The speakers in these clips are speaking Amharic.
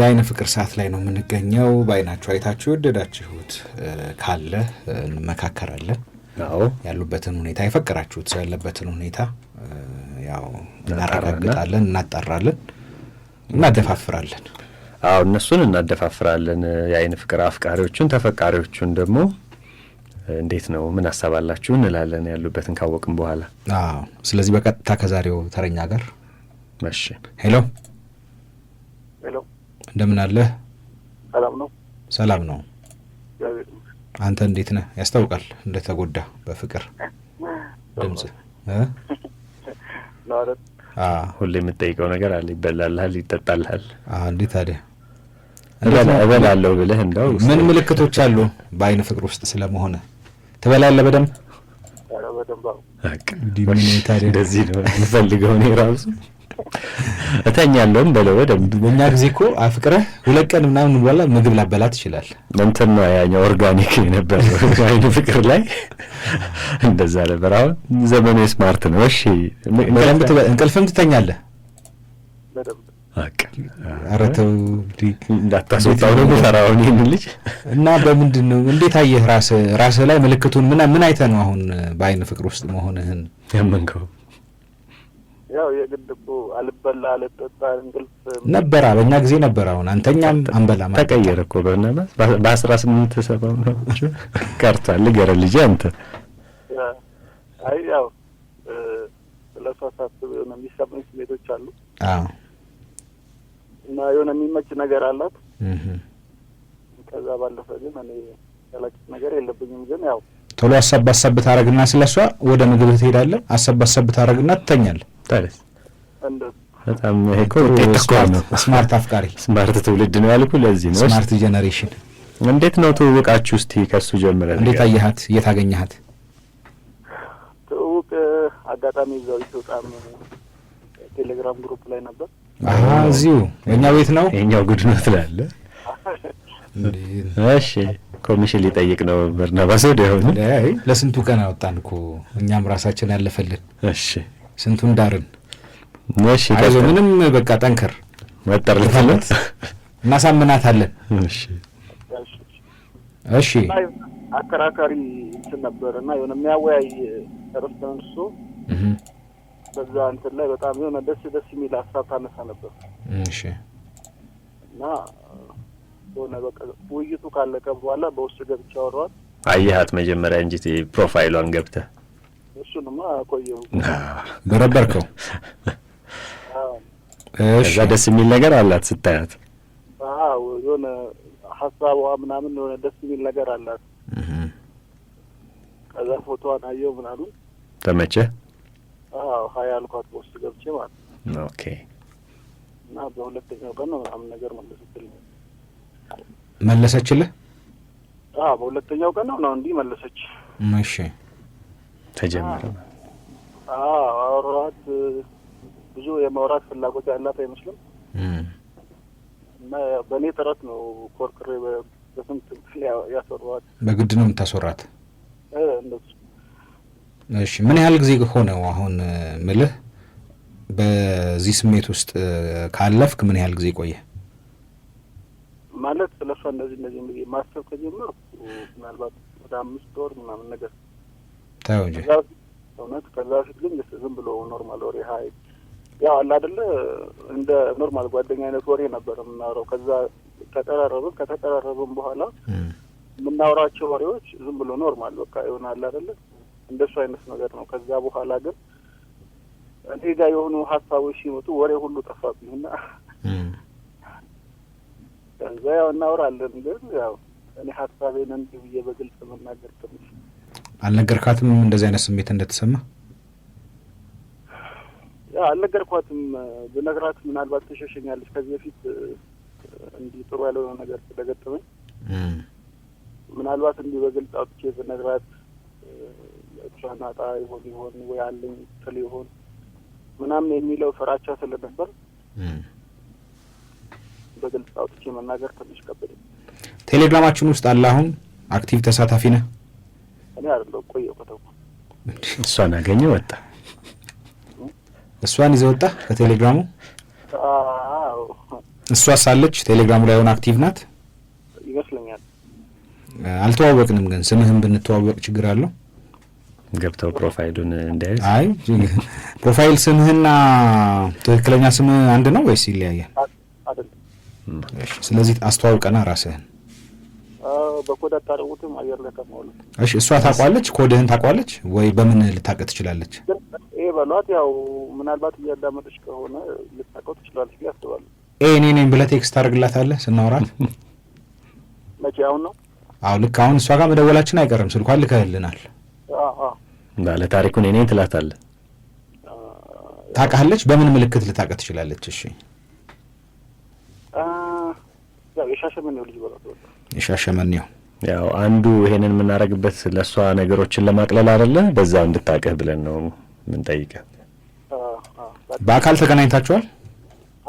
የአይን ፍቅር ሰዓት ላይ ነው የምንገኘው። በአይናችሁ አይታችሁ የወደዳችሁት ካለ እንመካከራለን። ያሉበትን ሁኔታ የፈቀራችሁት ሰው ያለበትን ሁኔታ ያው እናረጋግጣለን፣ እናጣራለን፣ እናደፋፍራለን። አዎ እነሱን እናደፋፍራለን። የአይን ፍቅር አፍቃሪዎቹን ተፈቃሪዎቹን ደግሞ እንዴት ነው ምን ሀሳብ እንላለን፣ ያሉበትን ካወቅም በኋላ። አዎ ስለዚህ በቀጥታ ከዛሬው ተረኛ ጋር ሄሎ እንደምን አለህ? ሰላም ነው። ሰላም ነው። አንተ እንዴት ነህ? ያስታውቃል እንደተጎዳ በፍቅር ድምጽ ሁሌ የምጠይቀው ነገር አለ። ይበላልሃል፣ ይጠጣልሃል። እንዴት ታዲያ እበላለሁ ብለህ እንደው ምን ምልክቶች አሉ በአይን ፍቅር ውስጥ ስለመሆነ? ትበላለህ በደንብ እንደዚህ ነው የምፈልገው እኔ ራሱ እተኛለሁም በለው በደምብ በእኛ ጊዜ እኮ አፍቅረህ ሁለት ቀን ምናምን በኋላ ምግብ ላበላ ትችላል። እንትን ነው ያኛው ኦርጋኒክ ነበር አይን ፍቅር ላይ እንደዛ ነበር። አሁን ዘመኑ ስማርት ነው። እሺ እንቅልፍም ትተኛለህ። ኧረ ተው እንዳታስወጣው ነው የምፈራውን ይህን ልጅ እና በምንድን ነው እንዴት አየህ? ራስህ ራስህ ላይ ምልክቱን ምን ምን አይተህ ነው አሁን በአይን ፍቅር ውስጥ መሆንህን ያመንከው? ያው የግድ እኮ አልበላ አልጠጣ እንቅልፍ ነበራ። በእኛ ጊዜ ነበር። አሁን አንተኛም አንበላ ተቀየረ እኮ በእናትህ በአስራ ስምንት ሰባ ምናምን ቀርቷል። ልገረ ልጅ አንተ አይ ያው ስለ እሷ የሆነ የሚሰማኝ ስሜቶች አሉ እና የሆነ የሚመች ነገር አላት። ከዛ ባለፈ ግን እኔ ያላችት ነገር የለብኝም። ግን ያው ቶሎ አሰብ አሰብ ታረግና ስለሷ ወደ ምግብ ትሄዳለህ። አሰብ አሰብ ታረግና ትተኛለህ። በጣም ስማርት አፍቃሪ ስማርት ትውልድ ነው ያልኩ ለዚህ ነው። ስማርት ጀነሬሽን እንዴት ነው ትውውቃችሁ? እስቲ ከሱ ጀምረ እንዴት አየሃት? የት አገኘሃት? ትውውቅ አጋጣሚ እዛው ኢትዮጵያም ቴሌግራም ግሩፕ ላይ ነበር። እዚሁ እኛ ቤት ነው የኛው ጉድ ነው ትላለ። እሺ ኮሚሽን ሊጠይቅ ነው በርናባስ ወደ ሆነ ለስንቱ ቀን አወጣን እኮ እኛም ራሳችን ያለፈልን። እሺ ስንቱን ዳርን። ምንም በቃ ጠንከር መጠር ልትለት እናሳምናታለን። እሺ አከራካሪ እንትን ነበር እና የሆነ የሚያወያይ ርዕስ ተነስቶ በዛ እንትን ላይ በጣም የሆነ ደስ ደስ የሚል ሀሳብ ታነሳ ነበር። እና የሆነ በቃ ውይይቱ ካለቀ በኋላ በውስጥ ገብቼ አወራዋል። አየሀት መጀመሪያ እንጂ ፕሮፋይሏን ገብተህ እሱንማ ቆየው በረበርከው። እዛ ደስ የሚል ነገር አላት ስታያት፣ የሆነ ሀሳቧ ምናምን የሆነ ደስ የሚል ነገር አላት። ከዛ ፎቶዋን አየው ምናሉ ተመቸ ሀያ አልኳት በውስጥ ገብቼ ማለት ነው። ኦኬ እና በሁለተኛው ቀን ነው ምናምን ነገር መለሰችልኝ። መለሰችልህ? በሁለተኛው ቀን ነው ነው እንዲህ መለሰች። እሺ ተጀመረ። አውራት ብዙ የማውራት ፍላጎት ያላት አይመስልም እና በእኔ ጥረት ነው ኮርክሬ በስንት ያስወራት። በግድ ነው የምታስወራት። እሺ ምን ያህል ጊዜ ሆነው? አሁን ምልህ በዚህ ስሜት ውስጥ ካለፍክ ምን ያህል ጊዜ ቆየ? ማለት ስለሷ እነዚህ እነዚህ ማሰብ ከጀመርኩ ምናልባት ወደ አምስት ወር ምናምን ነገር ተው እንጂ እውነት። ከዛ ፊት ግን ዝም ብሎ ኖርማል ወሬ ሀይ ያው አለ አደለ እንደ ኖርማል ጓደኛ አይነት ወሬ ነበር የምናውረው ከዛ ተቀራረብን። ከተቀራረብን በኋላ የምናውራቸው ወሬዎች ዝም ብሎ ኖርማል በቃ የሆነ አለ አይደለ እንደሱ አይነት ነገር ነው። ከዛ በኋላ ግን እኔ ጋር የሆኑ ሀሳቦች ሲመጡ ወሬ ሁሉ ጠፋብኝና ከዛ ያው እናውራለን ግን ያው እኔ ሀሳቤን እንዲህ ብዬ በግልጽ መናገር ትንሽ አልነገርካትም እንደዚህ አይነት ስሜት እንደተሰማ? አልነገርኳትም። ብነግራት ምናልባት ተሸሸኛለች ከዚህ በፊት እንዲህ ጥሩ ያልሆነ ነገር ስለገጠመኝ ምናልባት እንዲህ በግልጽ አውጥቼ ብነግራት ሻናጣ ይሆን ይሆን ወይ አለኝ ትል ይሆን ምናምን የሚለው ፍራቻ ስለነበር በግልጽ አውጥቼ መናገር ትንሽ ከበደኝ። ቴሌግራማችን ውስጥ አለ። አሁን አክቲቭ ተሳታፊ ነህ? እኔ አይደለሁ ቆየሁ ከተማ እሷን አገኘ ወጣ። እሷን ይዘህ ወጣ ከቴሌግራሙ። እሷ ሳለች ቴሌግራሙ ላይ ሆነ አክቲቭ ናት ይመስለኛል። አልተዋወቅንም ግን ስምህን ብንተዋወቅ ችግር አለው? ገብተው ፕሮፋይሉን እንዲያዩ። አይ ፕሮፋይል ስምህና ትክክለኛ ስምህ አንድ ነው ወይስ ይለያያል? ስለዚህ አስተዋውቀና ራስህን በኮድ አታረጉትም አየር ላይ ከማውለ እሺ፣ እሷ ታቋለች፣ ኮድህን ታቋለች ወይ በምን ልታውቅ ትችላለች? ይሄ በሏት ያው ምናልባት እያዳመጠች ከሆነ ልታውቀው ትችላለች ብዬ አስባለሁ። ኤ እኔ ነኝ ብለህ ቴክስት ታደርግላታለህ ስናወራት። መቼ? አሁን ነው? አዎ ልክ አሁን እሷ ጋር መደወላችን አይቀርም። ስልኳን ልከህልናል። ባለ ታሪኩን እኔ ትላታለህ። ታውቃለች። በምን ምልክት ልታውቅ ትችላለች? እሺ የሻሸመኔው ልጅ በጣም የሻሸመኔው ያው አንዱ ይሄንን የምናደርግበት ለእሷ ነገሮችን ለማቅለል አይደለ? በዛ እንድታቀህ ብለን ነው የምንጠይቀህ። በአካል ተገናኝታችኋል?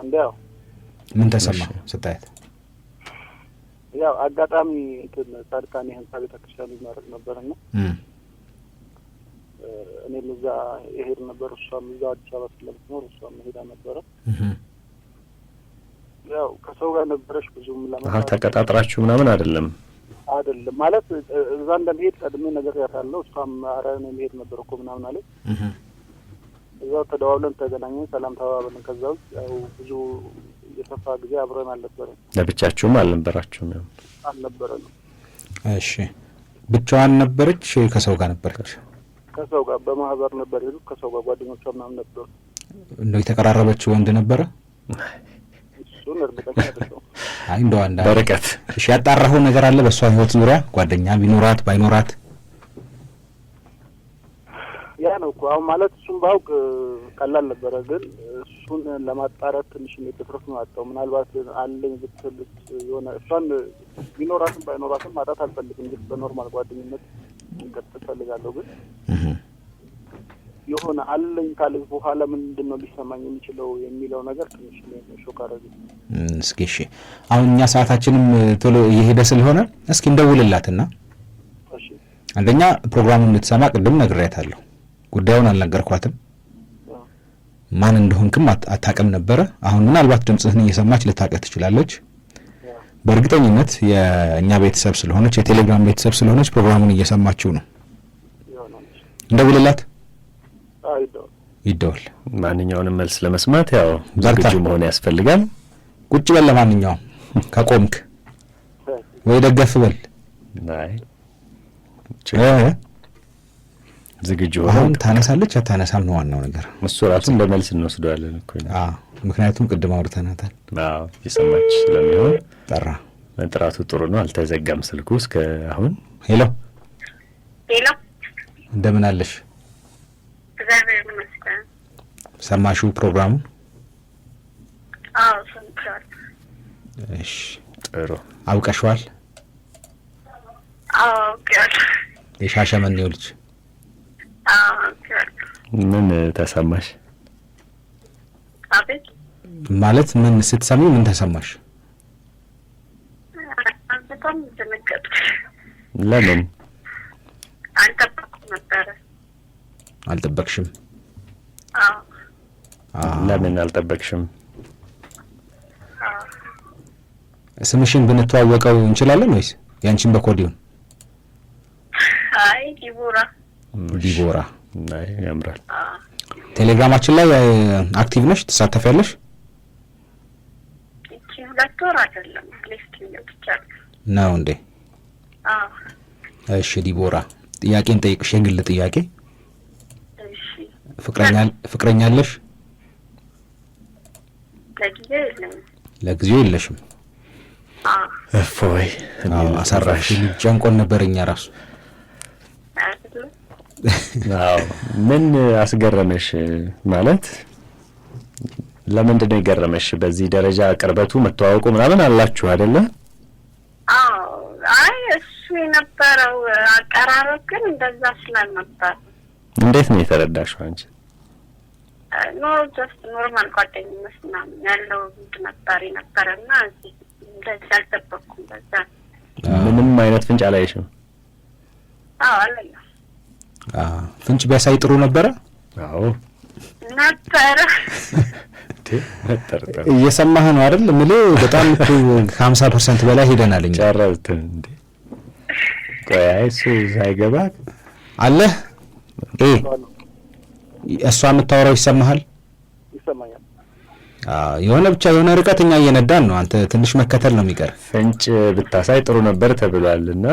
አንድ ያው ምን ተሰማ ስታየት? ያው አጋጣሚ እንትን ጻድቃኔ ህንጻ ቤተክርስቲያን ልናደርግ ነበርና እኔም እዛ የሄድ ነበር፣ እሷም እዛ አዲስ አበባ ስለምትኖር እሷም መሄዳ ነበረ ያው ከሰው ጋር ነበረች ብዙም ለመ ተቀጣጥራችሁ ምናምን አይደለም አይደለም ማለት እዛ እንደሚሄድ ቀድሜ ነገር ያታለው እሷም ኧረ እኔ መሄድ ነበር እኮ ምናምን አለ። እዛው ተደዋውለን ተገናኘን፣ ሰላም ተባብለን። ከዛ ውስጥ ያው ብዙ የሰፋ ጊዜ አብረን አልነበረም። ለብቻችሁም አልነበራችሁም? ያው አልነበረንም። እሺ ብቻዋን ነበረች? ከሰው ጋር ነበረች? ከሰው ጋር በማህበር ነበር ሄዱ። ከሰው ጋር ጓደኞቿ ምናምን ነበሩ። እንደው የተቀራረበችው ወንድ ነበረ በርቀት እሺ፣ ያጣራኸው ነገር አለ በእሷ ህይወት ዙሪያ ጓደኛ ቢኖራት ባይኖራት? ያ ነው እኮ አሁን ማለት እሱን ባውቅ ቀላል ነበረ፣ ግን እሱን ለማጣራት ትንሽ ትኩረት ነው አጣው። ምናልባት አለኝ ብትል የሆነ እሷን ቢኖራትም ባይኖራትም ማጣት አልፈልግም፣ ግን በኖርማል ጓደኝነት እንቀጥል እፈልጋለሁ። ግን የሆነ አለኝ ካለ በኋላ ምንድን ነው ሊሰማኝ የሚችለው የሚለው ነገር ትንሽ ሾክ አደረገኝ። እስኪ አሁን እኛ ሰዓታችንም ቶሎ እየሄደ ስለሆነ እስኪ እንደውልላትና አንደኛ ፕሮግራሙን እንድትሰማ ቅድም ነግሬያታለሁ። ጉዳዩን አልነገርኳትም። ማን እንደሆንክም አታውቅም ነበረ። አሁን ምናልባት ድምፅህን እየሰማች ልታቀ ትችላለች። በእርግጠኝነት የእኛ ቤተሰብ ስለሆነች የቴሌግራም ቤተሰብ ስለሆነች ፕሮግራሙን እየሰማችው ነው። እንደውልላት ይደወል። ማንኛውንም መልስ ለመስማት ያው ዝግጁ መሆን ያስፈልጋል። ቁጭ በል ለማንኛውም ከቆምክ ወይ ደገፍ በል ዝግጁ አሁን ታነሳለች አታነሳም ነው ዋናው ነገር። እሱ ራሱ እንደ መልስ እንወስደዋለን እኮ ምክንያቱም ቅድም አውርተናታል። የሰማች ስለሚሆን ጠራ መጥራቱ ጥሩ ነው። አልተዘጋም ስልኩ እስከ አሁን። ሄሎ ሄሎ፣ እንደምን አለሽ? ሰማሹ ፕሮግራሙን እሺ ጥሩ አውቀሽዋል? የሻሸመኔው ልጅ ምን ተሰማሽ? ማለት ምን ስትሰሚ ምን ተሰማሽ? ለምን አልጠበቅሽም? ለምን አልጠበቅሽም? ስምሽን ብንተዋወቀው እንችላለን ወይስ ያንቺን በኮድ ይሁን? አይ ዲቦራ ዲቦራ። ያምራል። ቴሌግራማችን ላይ አክቲቭ ነሽ? ትሳተፊያለሽ? ሁለት ነው እንዴ? እሺ ዲቦራ፣ ጥያቄን ጠይቅሽ፣ የግል ጥያቄ። ፍቅረኛ አለሽ? ለጊዜው የለሽም እፎይ አሰራሽ። ጨንቆን ነበር እኛ ራሱ። ምን አስገረመሽ? ማለት ለምንድን ነው የገረመሽ? በዚህ ደረጃ ቅርበቱ መተዋወቁ ምናምን አላችሁ አይደለ? አይ እሱ የነበረው አቀራረብ ግን እንደዛ ስላልነበር። እንዴት ነው የተረዳሽው አንቺ? ኖ ጀስት ኖርማል ጓደኝነት ምናምን ያለው ነበር የነበረና እዚህ በዛ ምንም አይነት ፍንጭ አላየሽም? አዎ አላየሁም። ፍንጭ ቢያሳይ ጥሩ ነበረ። አዎ ነበረ እየሰማህ ነው አይደል? የምልህ በጣም ከሀምሳ ፐርሰንት በላይ ሄደናል እኛ ጨረስን። ቆይ እሱ ሳይገባ አለህ። እሷ የምታወራው ይሰማሃል? ይሰማኛል የሆነ ብቻ የሆነ ርቀት እኛ እየነዳን ነው። አንተ ትንሽ መከተል ነው የሚቀር። ፍንጭ ብታሳይ ጥሩ ነበር ተብሏል እና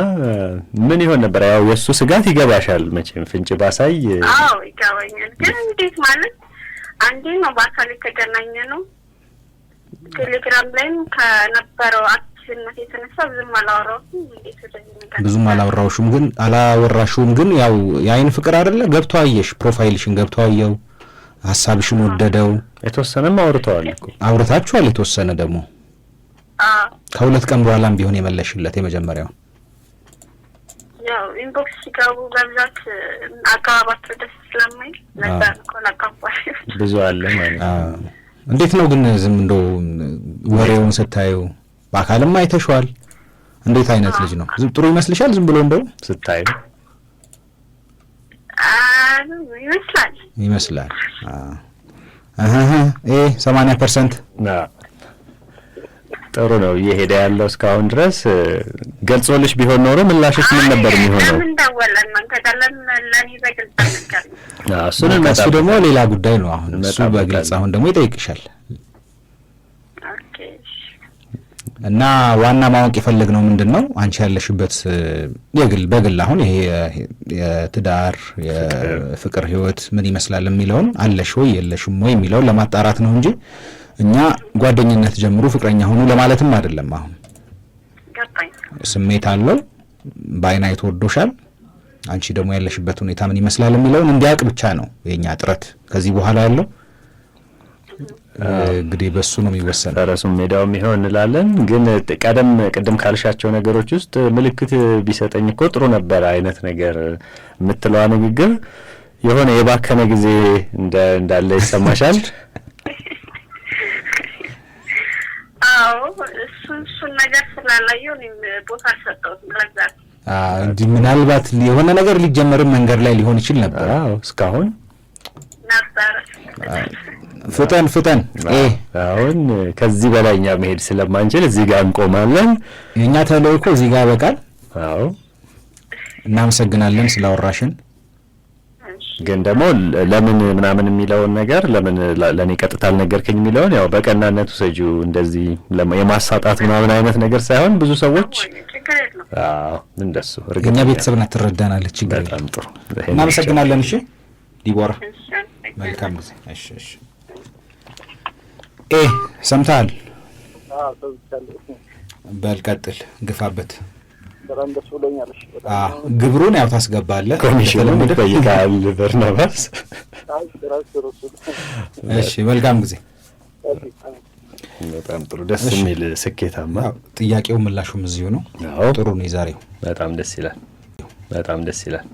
ምን ይሆን ነበር? ያው የእሱ ስጋት ይገባሻል መቼም ፍንጭ ባሳይ። አዎ ይገባኛል፣ ግን እንዴት ማለት አንዴ ነው በአካል የተገናኘ ነው። ቴሌግራም ላይም ከነበረው አክቲቭነት የተነሳ ብዙም አላወራሁም። ብዙም አላወራሁሽም፣ ግን አላወራሽውም፣ ግን ያው የአይን ፍቅር አይደለ ገብቶ አየሽ፣ ፕሮፋይልሽን ገብቶ አየው ሀሳብሽን ወደደው። የተወሰነም አውርተዋል እኮ አውርታችኋል። የተወሰነ ደግሞ ከሁለት ቀን በኋላም ቢሆን የመለሽለት የመጀመሪያውን ያው ኢንቦክስ ሲገቡ በብዛት ደስ ብዙ አለ ማለት ነው። እንዴት ነው ግን ዝም እንደ ወሬውን ስታዩ በአካልም አይተሸዋል። እንዴት አይነት ልጅ ነው? ጥሩ ይመስልሻል? ዝም ብሎ እንደው ስታዩ ይመስላል ይመስላል ይህ ሰማኒያ ፐርሰንት ጥሩ ነው እየሄደ ያለው እስካሁን ድረስ። ገልጾልሽ ቢሆን ኖሮ ምላሽስ ምን ነበር የሚሆነው? እሱ ደግሞ ሌላ ጉዳይ ነው። አሁን እሱ በግልጽ አሁን ደግሞ ይጠይቅሻል እና ዋና ማወቅ ነው ምንድን ነው አንቺ ያለሽበት የግል በግል አሁን ይሄ የትዳር የፍቅር ህይወት ምን ይመስላል የሚለውን አለሽ ወይ የለሽም ወይ የሚለውን ለማጣራት ነው እንጂ እኛ ጓደኝነት ጀምሩ ፍቅረኛ ሆኑ ለማለትም አይደለም። አሁን ስሜት አለው በአይን አይቶ ወዶሻል። አንቺ ደግሞ ያለሽበት ሁኔታ ምን ይመስላል የሚለውን እንዲያውቅ ብቻ ነው የእኛ ጥረት ከዚህ በኋላ ያለው እንግዲህ በሱ ነው የሚወሰነው። ፈረሱም ሜዳው የሚሆን እንላለን። ግን ቀደም ቅድም ካልሻቸው ነገሮች ውስጥ ምልክት ቢሰጠኝ እኮ ጥሩ ነበር አይነት ነገር የምትለዋ ንግግር የሆነ የባከነ ጊዜ እንዳለ ይሰማሻል። ነገር እንዲህ ምናልባት የሆነ ነገር ሊጀመርም መንገድ ላይ ሊሆን ይችል ነበር። እስካሁን ፍጠን ፍጠን። አሁን ከዚህ በላይ እኛ መሄድ ስለማንችል እዚህ ጋር እንቆማለን። የእኛ ተልእኮ እዚህ ጋር በቃል። አዎ እናመሰግናለን ስላወራሽን። ግን ደግሞ ለምን ምናምን የሚለውን ነገር ለምን ለእኔ ቀጥታ አልነገርከኝ የሚለውን ያው በቀናነቱ ሰጁ እንደዚህ የማሳጣት ምናምን አይነት ነገር ሳይሆን ብዙ ሰዎች እንደሱ እኛ ቤተሰብ ናት ትረዳናለች። በጣም ጥሩ እናመሰግናለን። እሺ ዲቦራ መልካም ጊዜ። እሺ እሺ ኤ ሰምተሃል? በል ቀጥል፣ ግፋበት። ግብሩን ያው ታስገባለህ፣ ኮሚሽኑን ይጠይቃል በርናባስ። እሺ መልካም ጊዜ። በጣም ጥሩ ደስ የሚል ስኬታማ ጥያቄው ምላሹም እዚሁ ነው። ጥሩ ነው። የዛሬው በጣም ደስ ይላል። በጣም ደስ ይላል።